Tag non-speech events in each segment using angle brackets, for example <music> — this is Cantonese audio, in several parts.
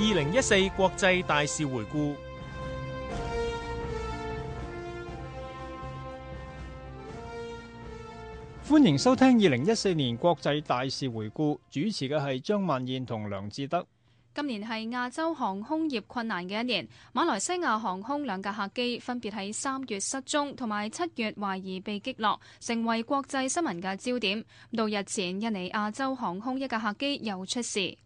二零一四國際大事回顧，歡迎收聽二零一四年國際大事回顧。主持嘅係張曼燕同梁志德。今年係亞洲航空業困難嘅一年，馬來西亞航空兩架客機分別喺三月失蹤，同埋七月懷疑被擊落，成為國際新聞嘅焦點。到日前，印尼亞洲航空一架客機又出事。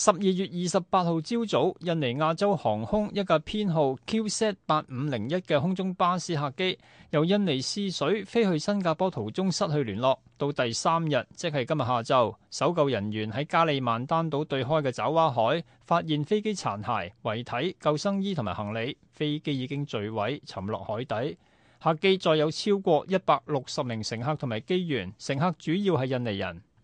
十二月二十八號朝早，印尼亞洲航空一架編號 QZ 八五零一嘅空中巴士客機，由印尼泗水飛去新加坡途中失去聯絡。到第三日，即係今日下晝，搜救人員喺加里曼丹島對開嘅爪哇海發現飛機殘骸、遺體、救生衣同埋行李。飛機已經墜毀，沉落海底。客機載有超過一百六十名乘客同埋機員，乘客主要係印尼人。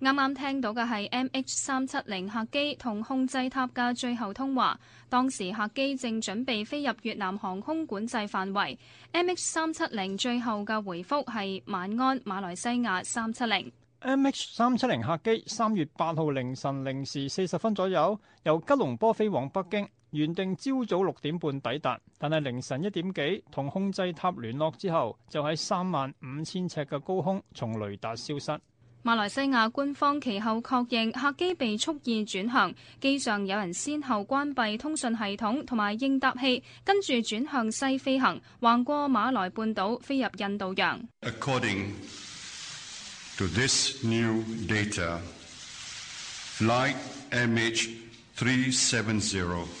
啱啱聽到嘅係 MH 三七零客機同控制塔嘅最後通話。當時客機正準備飛入越南航空管制範圍。MH 三七零最後嘅回覆係晚安，馬來西亞三七零。MH 三七零客機三月八號凌晨零時四十分左右由吉隆坡飛往北京。原定朝早六點半抵達，但係凌晨一點幾同控制塔聯絡之後，就喺三萬五千尺嘅高空從雷達消失。馬來西亞官方其後確認客機被蓄意轉航，機上有人先後關閉通訊系統同埋應答器，跟住轉向西飛行，橫過馬來半島飛入印度洋。According to this new data, Flight MH370.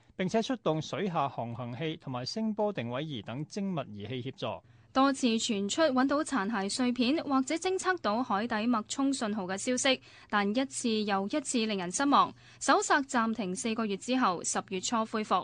並且出動水下航行器同埋聲波定位儀等精密儀器協助，多次傳出揾到殘骸碎片或者偵測到海底脈衝信號嘅消息，但一次又一次令人失望。搜索暫停四個月之後，十月初恢復。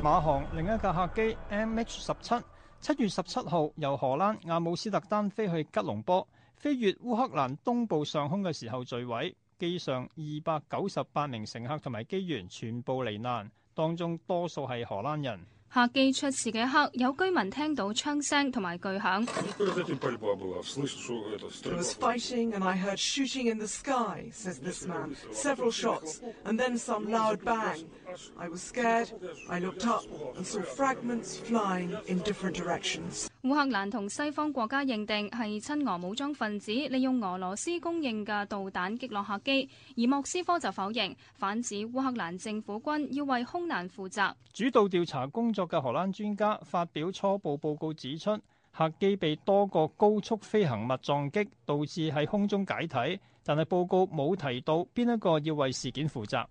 馬航另一架客機 MH17，七月十七號由荷蘭阿姆斯特丹飛去吉隆坡，飛越烏克蘭東部上空嘅時候墜毀。機上二百九十八名乘客同埋機員全部罹難，當中多數係荷蘭人。客機出事嘅一刻，有居民聽到槍聲同埋巨響。烏克蘭同西方國家認定係親俄武裝分子利用俄羅斯供應嘅導彈擊落客機，而莫斯科就否認，反指烏克蘭政府軍要為空難負責。主導調查工作嘅荷蘭專家發表初步報告指出，客機被多個高速飛行物撞擊，導致喺空中解體，但係報告冇提到邊一個要為事件負責。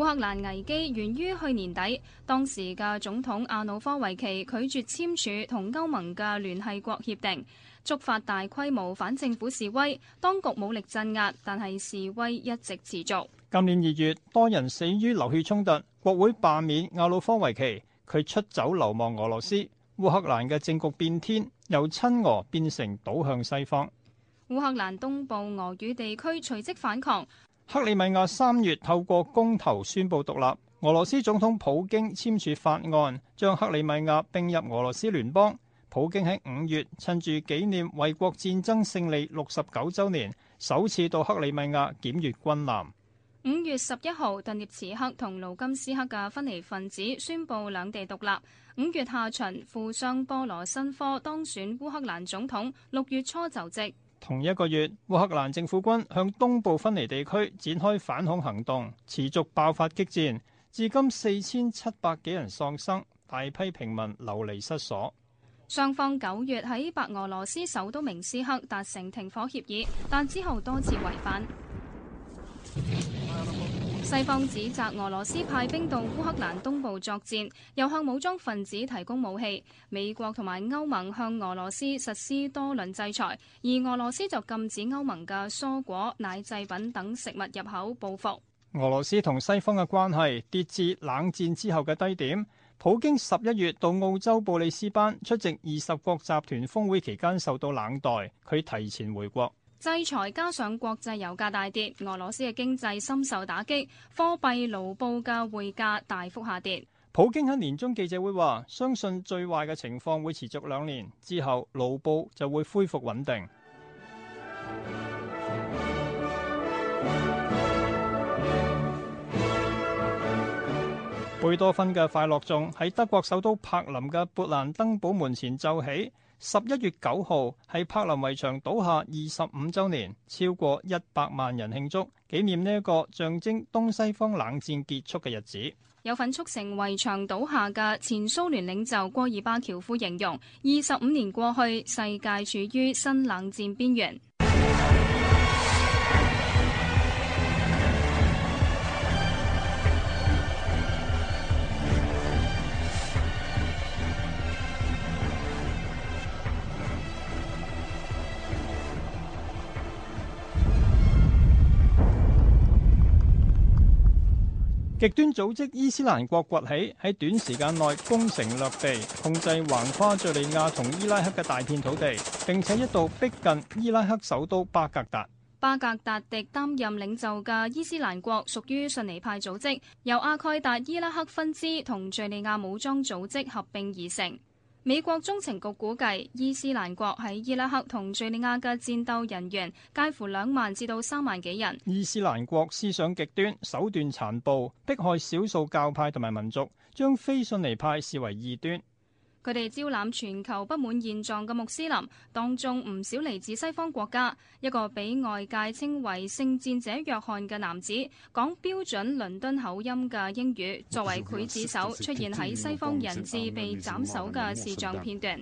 烏克蘭危機源於去年底，當時嘅總統亞努科維奇拒絕簽署同歐盟嘅聯繫國協定，觸發大規模反政府示威。當局武力鎮壓，但係示威一直持續。今年二月，多人死於流血衝突，國會罷免亞努科維奇，佢出走流亡俄羅斯。烏克蘭嘅政局變天，由親俄變成倒向西方。烏克蘭東部俄語地區隨即反抗。克里米亞三月透過公投宣布獨立，俄羅斯總統普京簽署法案將克里米亞並入俄羅斯聯邦。普京喺五月趁住紀念衛國戰爭勝利六十九週年，首次到克里米亞檢閱軍艦。五月十一號，頓涅茨克同盧甘斯克嘅分離分子宣布兩地獨立。五月下旬，富商波羅申科當選烏克蘭總統，六月初就職。同一個月，烏克蘭政府軍向東部分離地區展開反恐行動，持續爆發激戰，至今四千七百幾人喪生，大批平民流離失所。雙方九月喺白俄羅斯首都明斯克達成停火協議，但之後多次違反。 <noise> 西方指責俄羅斯派兵到烏克蘭東部作戰，又向武裝分子提供武器。美國同埋歐盟向俄羅斯實施多輪制裁，而俄羅斯就禁止歐盟嘅蔬果、奶製品等食物入口報復。俄羅斯同西方嘅關係跌至冷戰之後嘅低點。普京十一月到澳洲布里斯班出席二十國集團峰會期間受到冷待，佢提前回國。制裁加上國際油價大跌，俄羅斯嘅經濟深受打擊，貨幣盧布嘅匯價大幅下跌。普京喺年中記者會話：相信最壞嘅情況會持續兩年，之後盧布就會恢復穩定。貝多芬嘅《快樂頌》喺德國首都柏林嘅勃蘭登堡門前奏起。十一月九號係柏林圍牆倒下二十五周年，超過一百萬人慶祝紀念呢一個象徵東西方冷戰結束嘅日子。有份促成圍牆倒下嘅前蘇聯領袖戈爾巴喬夫形容：二十五年過去，世界處於新冷戰邊緣。極端組織伊斯蘭國崛起，喺短時間內攻城掠地，控制橫跨敘利亞同伊拉克嘅大片土地，並且一度逼近伊拉克首都巴格達。巴格達迪擔任領袖嘅伊斯蘭國屬於遜尼派組織，由阿蓋達伊拉克分支同敘利亞武裝組織合併而成。美國中情局估計，伊斯蘭國喺伊拉克同敍利亞嘅戰鬥人員介乎兩萬至到三萬幾人。伊斯蘭國思想極端，手段殘暴，迫害少數教派同埋民族，將非遜尼派視為異端。佢哋招攬全球不滿現狀嘅穆斯林，當中唔少嚟自西方國家。一個被外界稱為聖戰者約翰嘅男子，講標準倫敦口音嘅英語，作為劊子手出現喺西方人質被斬首嘅視像片段。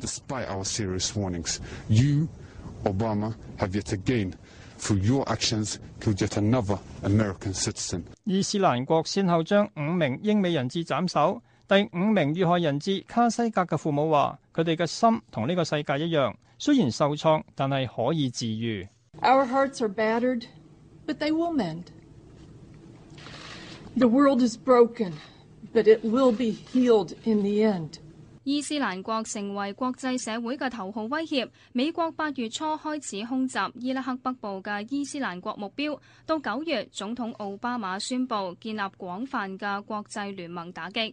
伊斯蘭國先後將五名英美人質斬首。第五名遇害人質卡西格嘅父母話：佢哋嘅心同呢個世界一樣，雖然受創，但係可以治癒。Our hearts are battered, but they will mend. The world is broken, but it will be healed in the end. 伊斯蘭國成為國際社會嘅頭號威脅。美國八月初開始空襲伊拉克北部嘅伊斯蘭國目標，到九月，總統奧巴馬宣布建立廣泛嘅國際聯盟打擊。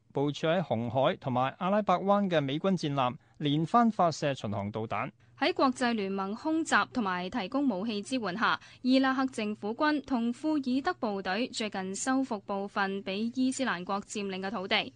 部署喺紅海同埋阿拉伯灣嘅美軍戰艦連番發射巡航導彈。喺國際聯盟空襲同埋提供武器支援下，伊拉克政府軍同庫爾德部隊最近收復部分俾伊斯蘭國佔領嘅土地。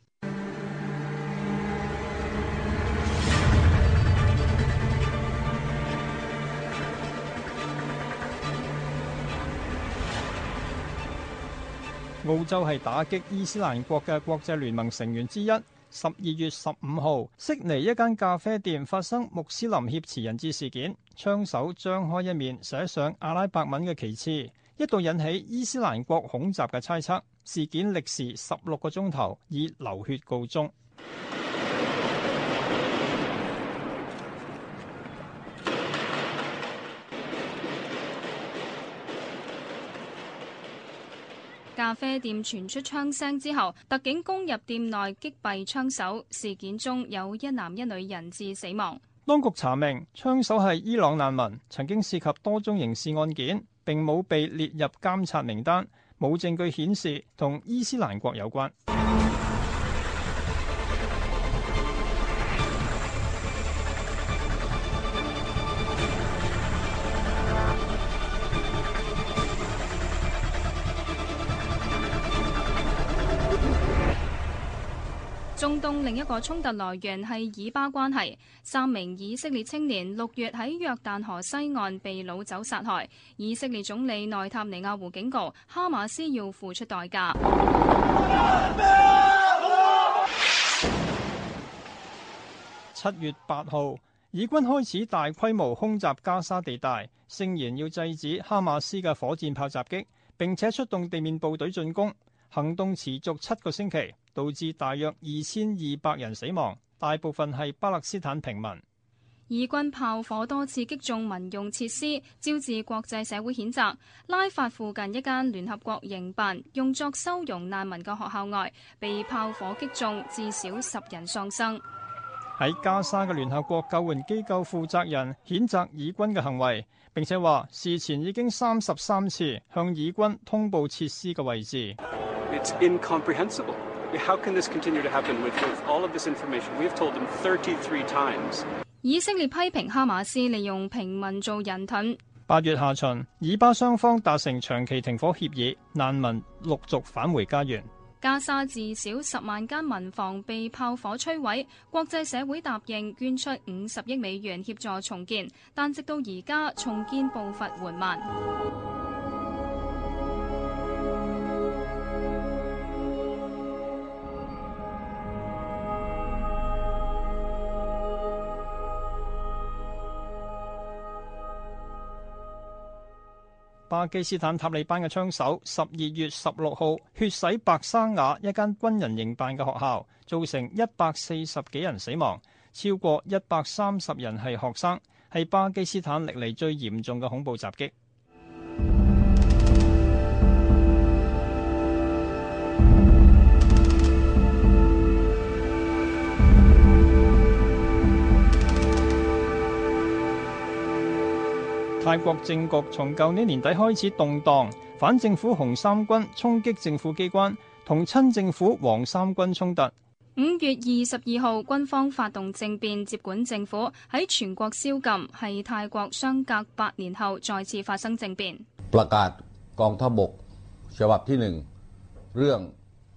澳洲係打擊伊斯蘭國嘅國際聯盟成員之一。十二月十五號，悉尼一間咖啡店發生穆斯林挾持人質事件，槍手張開一面寫上阿拉伯文嘅旗幟，一度引起伊斯蘭國恐襲嘅猜測。事件歷時十六個鐘頭，以流血告終。咖啡店傳出槍聲之後，特警攻入店內擊斃槍手，事件中有一男一女人質死亡。當局查明，槍手係伊朗難民，曾經涉及多宗刑事案件，並冇被列入監察名單，冇證據顯示同伊斯蘭國有關。另一個衝突來源係以巴關係。三名以色列青年六月喺約旦河西岸被擄走殺害。以色列總理內塔尼亞胡警告哈馬斯要付出代價。七月八號，以軍開始大規模空襲加沙地帶，聲言要制止哈馬斯嘅火箭炮襲擊，並且出動地面部隊進攻。行動持續七個星期。導致大約二千二百人死亡，大部分係巴勒斯坦平民。以軍炮火多次擊中民用設施，招致國際社會譴責。拉法附近一間聯合國營辦用作收容難民嘅學校外，被炮火擊中，至少十人喪生。喺加沙嘅聯合國救援機構負責人譴責以軍嘅行為，並且話事前已經三十三次向以軍通報設施嘅位置。How can this continue to happen with all of this information? We have told them 33 times. 以色列批評哈馬斯利用平民做人盾。八月下旬，以巴雙方達成長期停火協議，難民陸續返回家園。加沙至少十萬間民房被炮火摧毀，國際社會答應捐出五十億美元協助重建，但直到而家重建步伐緩慢。巴基斯坦塔利班嘅槍手十二月十六號血洗白沙瓦一間軍人營辦嘅學校，造成一百四十幾人死亡，超過一百三十人係學生，係巴基斯坦歷嚟最嚴重嘅恐怖襲擊。泰國政局從舊年年底開始動盪，反政府紅三軍衝擊政府機關，同親政府黃三軍衝突。五月二十二號，軍方發動政變接管政府，喺全國宵禁，係泰國相隔八年後再次發生政變。陸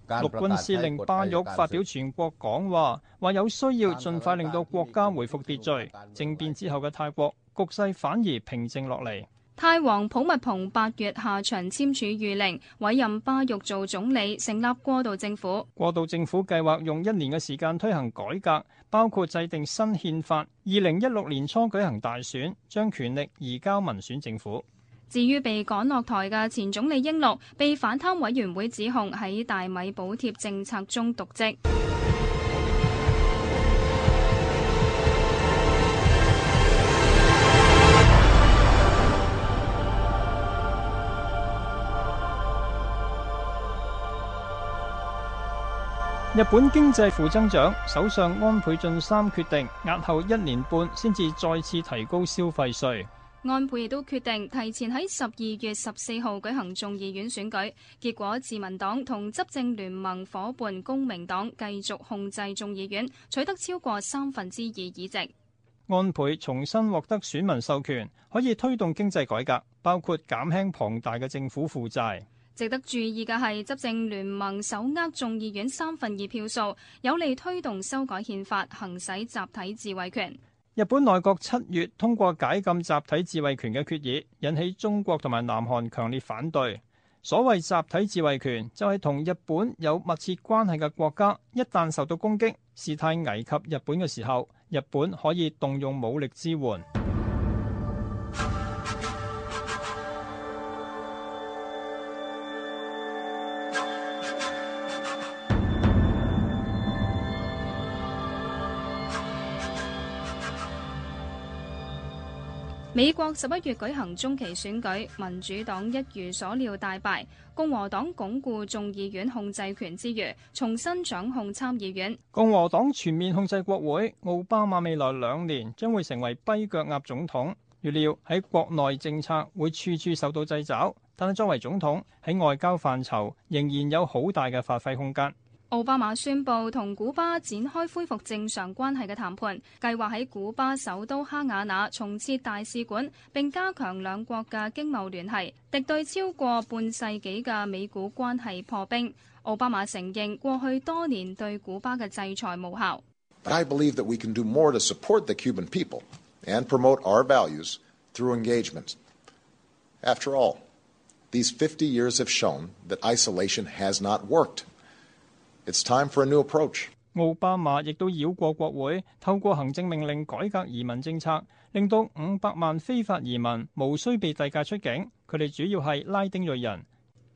軍司令巴育發表全國講話，話有需要盡快令到國家回復秩序。政變之後嘅泰國。局勢反而平靜落嚟。泰王普密蓬八月下旬簽署御令，委任巴育做總理，成立過渡政府。過渡政府計劃用一年嘅時間推行改革，包括制定新憲法。二零一六年初舉行大選，將權力移交民選政府。至於被趕落台嘅前總理英祿，被反貪委員會指控喺大米補貼政策中瀆職。日本經濟負增長，首相安倍晉三決定押後一年半先至再次提高消費稅。安倍亦都決定提前喺十二月十四號舉行眾議院選舉，結果自民黨同執政聯盟夥伴公明黨繼續控制眾議院，取得超過三分之二議席。安倍重新獲得選民授權，可以推動經濟改革，包括減輕龐大嘅政府負債。值得注意嘅係，執政聯盟手握眾議院三分二票數，有利推動修改憲法，行使集體自衛權。日本內閣七月通過解禁集體自衛權嘅決議，引起中國同埋南韓強烈反對。所謂集體自衛權，就係同日本有密切關係嘅國家，一旦受到攻擊，事態危及日本嘅時候，日本可以動用武力支援。美國十一月舉行中期選舉，民主黨一如所料大敗，共和黨鞏固眾議院控制權之餘，重新掌控參議院，共和黨全面控制國會。奧巴馬未來兩年將會成為跛腳鴨總統，預料喺國內政策會處處受到掣肘，但係作為總統喺外交範疇仍然有好大嘅發揮空間。奧巴馬宣布同古巴展開恢復正常關係嘅談判，計劃喺古巴首都哈瓦那重設大使館，並加強兩國嘅經貿聯繫，敵對超過半世紀嘅美古關係破冰。奧巴馬承認過去多年對古巴嘅制裁無效。It's time for a new approach. 奧巴馬亦都繞過國會，透過行政命令改革移民政策，令到五百萬非法移民無需被遞解出境。佢哋主要係拉丁裔人。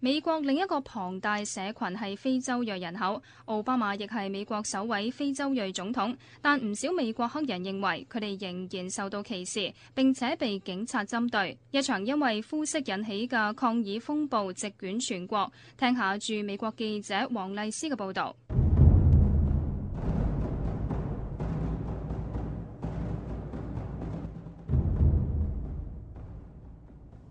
美國另一個龐大社群係非洲裔人口，奧巴馬亦係美國首位非洲裔總統，但唔少美國黑人認為佢哋仍然受到歧視，並且被警察針對。一場因為膚色引起嘅抗議風暴席捲全國。聽下駐美國記者黃麗斯嘅報導。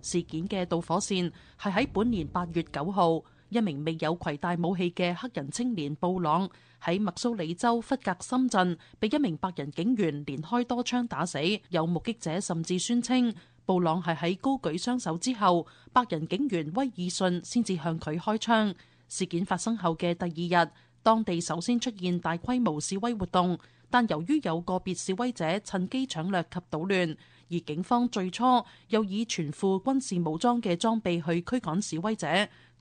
事件嘅導火線係喺本年八月九號，一名未有攜帶武器嘅黑人青年布朗喺密蘇里州弗格森鎮被一名白人警員連開多槍打死。有目擊者甚至宣稱，布朗係喺高舉雙手之後，白人警員威爾遜先至向佢開槍。事件發生後嘅第二日，當地首先出現大規模示威活動，但由於有個別示威者趁機搶掠及搗亂。而警方最初又以全副軍事武裝嘅裝備去驅趕示威者，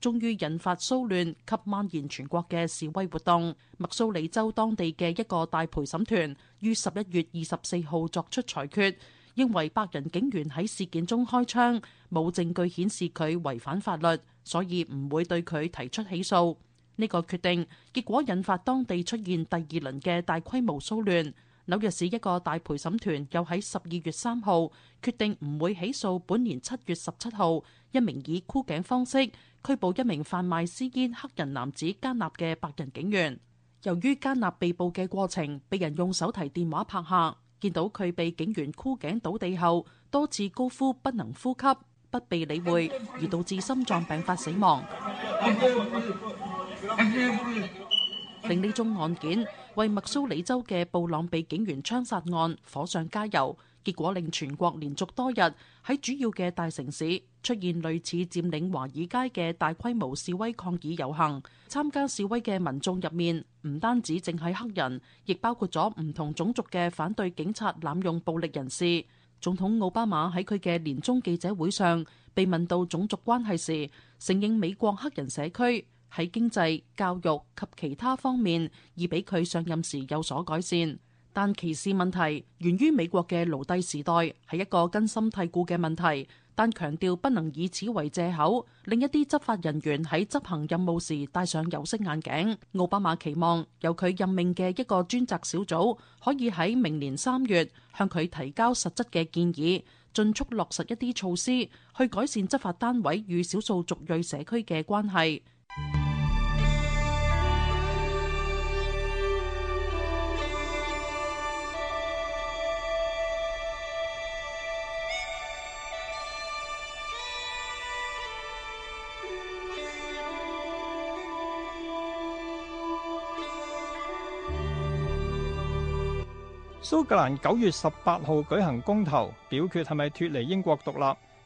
終於引發騷亂及蔓延全國嘅示威活動。密蘇里州當地嘅一個大陪審團於十一月二十四號作出裁決，認為白人警員喺事件中開槍，冇證據顯示佢違反法律，所以唔會對佢提出起訴。呢個決定結果引發當地出現第二輪嘅大規模騷亂。紐約市一個大陪審團又喺十二月三號決定唔會起訴本年七月十七號一名以箍頸方式拘捕一名販賣私煙黑人男子加納嘅白人警員。由於加納被捕嘅過程被人用手提電話拍下，見到佢被警員箍頸倒地後多次高呼不能呼吸，不被理會，而導致心臟病發死亡。令呢宗案件為密蘇里州嘅布朗被警員槍殺案火上加油，結果令全國連續多日喺主要嘅大城市出現類似佔領華爾街嘅大規模示威抗議遊行。參加示威嘅民眾入面唔單止淨係黑人，亦包括咗唔同種族嘅反對警察濫用暴力人士。總統奧巴馬喺佢嘅年終記者會上被問到種族關係時，承認美國黑人社區。喺經濟、教育及其他方面，而比佢上任時有所改善。但歧視問題源於美國嘅奴隸時代，係一個根深蒂固嘅問題。但強調不能以此為借口，令一啲執法人員喺執行任務時戴上有色眼鏡。奧巴馬期望由佢任命嘅一個專責小組，可以喺明年三月向佢提交實質嘅建議，盡速落實一啲措施，去改善執法單位與少數族裔社區嘅關係。蘇格蘭九月十八號舉行公投，表決係咪脱離英國獨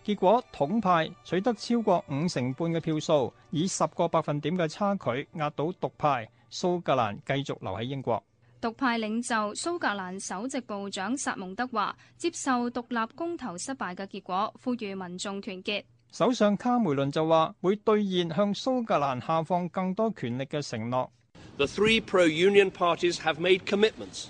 立，結果統派取得超過五成半嘅票數，以十個百分點嘅差距壓倒獨派，蘇格蘭繼續留喺英國。獨派領袖蘇格蘭首席部長薩蒙德話，接受獨立公投失敗嘅結果，呼籲民眾團結。首相卡梅倫就話，會兌現向蘇格蘭下放更多權力嘅承諾。The three pro-union parties have made commitments.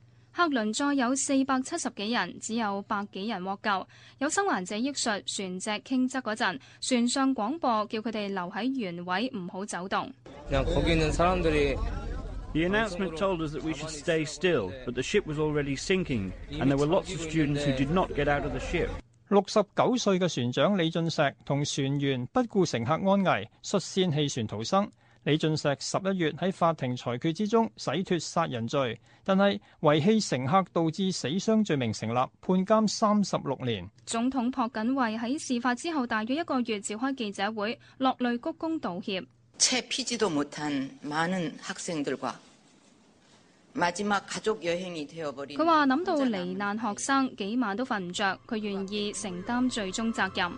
客輪載有四百七十幾人，只有百幾人獲救。有生還者憶述，船隻傾側嗰陣，船上廣播叫佢哋留喺原位，唔好走動。The announcement told us that we should stay still, but the ship was already sinking, and there were lots of students who did not get out of the ship. 六十九歲嘅船長李俊錫同船員不顧乘客安危，率先棄船逃生。李俊石十一月喺法庭裁決之中洗脫殺人罪，但係遺棄乘客導致死傷罪名成立，判監三十六年。總統朴槿惠喺事發之後大約一個月召開記者會，落淚鞠躬道歉。他不知道沒聽。많은학생들과마佢話諗到罹難學生幾晚都瞓唔着，佢願意承擔最終責任。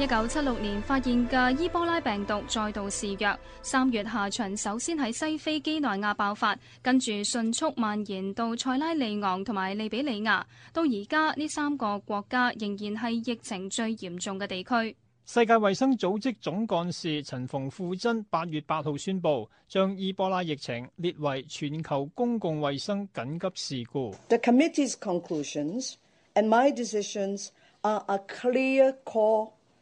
一九七六年發現嘅伊波拉病毒再度肆虐，三月下旬首先喺西非幾內亞爆發，跟住迅速蔓延到塞拉利昂同埋利比里亞。到而家呢三個國家仍然係疫情最嚴重嘅地區。世界衛生組織總幹事陳馮富珍八月八號宣布，將伊波拉疫情列為全球公共衛生緊急事故。The committee's conclusions and my decisions are a clear call.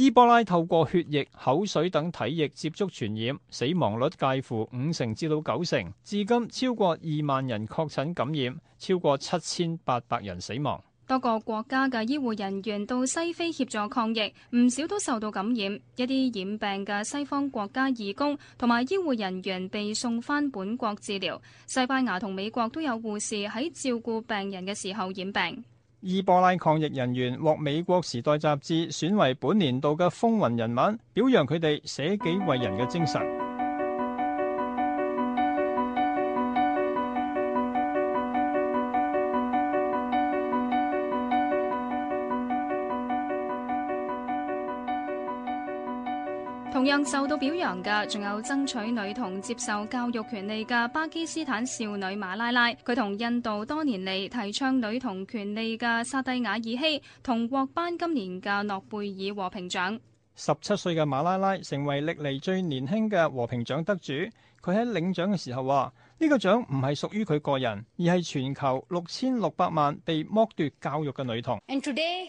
伊波拉透過血液、口水等體液接觸傳染，死亡率介乎五成至到九成。至今超過二萬人確診感染，超過七千八百人死亡。多個國家嘅醫護人員到西非協助抗疫，唔少都受到感染。一啲染病嘅西方國家義工同埋醫護人員被送返本國治療。西班牙同美國都有護士喺照顧病人嘅時候染病。伊波拉抗疫人員獲美國《時代》雜誌選為本年度嘅風雲人物，表揚佢哋捨己為人嘅精神。讓受到表揚嘅，仲有爭取女童接受教育權利嘅巴基斯坦少女馬拉拉，佢同印度多年嚟提倡女童權利嘅薩蒂亞爾希同獲頒今年嘅諾貝爾和平獎。十七歲嘅馬拉拉成為歷嚟最年輕嘅和平獎得主。佢喺領獎嘅時候話：呢、這個獎唔係屬於佢個人，而係全球六千六百萬被剝奪教育嘅女童。And today,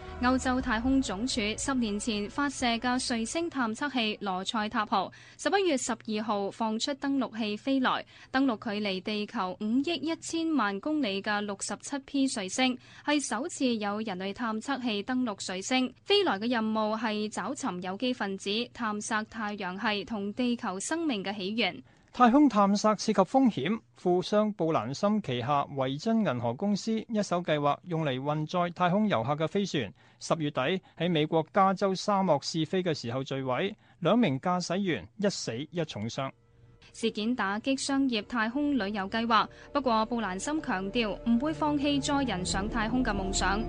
歐洲太空總署十年前發射嘅彗星探測器羅塞塔號，十一月十二號放出登陸器飛來，登陸距離地球五億一千萬公里嘅六十七 P 彗星，係首次有人類探測器登陸彗星。飛來嘅任務係找尋有機分子、探索太陽係同地球生命嘅起源。太空探索涉及風險，富商布蘭森旗下維珍銀河公司一手計劃用嚟運載太空遊客嘅飛船，十月底喺美國加州沙漠試飛嘅時候墜毀，兩名駕駛員一死一重傷。事件打擊商業太空旅遊計劃，不過布蘭森強調唔會放棄載人上太空嘅夢想。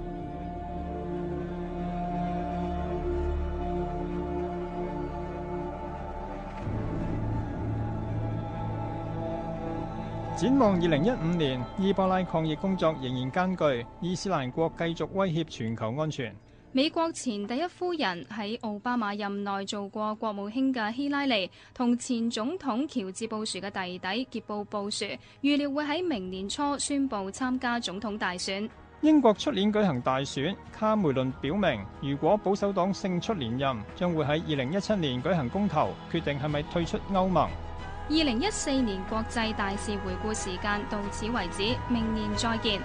展望二零一五年，伊波拉抗疫工作仍然艱巨，伊斯蘭國繼續威脅全球安全。美國前第一夫人喺奧巴馬任內做過國務卿嘅希拉里，同前總統喬治布殊嘅弟弟傑布布殊，預料會喺明年初宣布參加總統大選。英國出年舉行大選，卡梅倫表明，如果保守黨勝出連任，將會喺二零一七年舉行公投，決定係咪退出歐盟。二零一四年國際大事回顧時間到此為止，明年再見。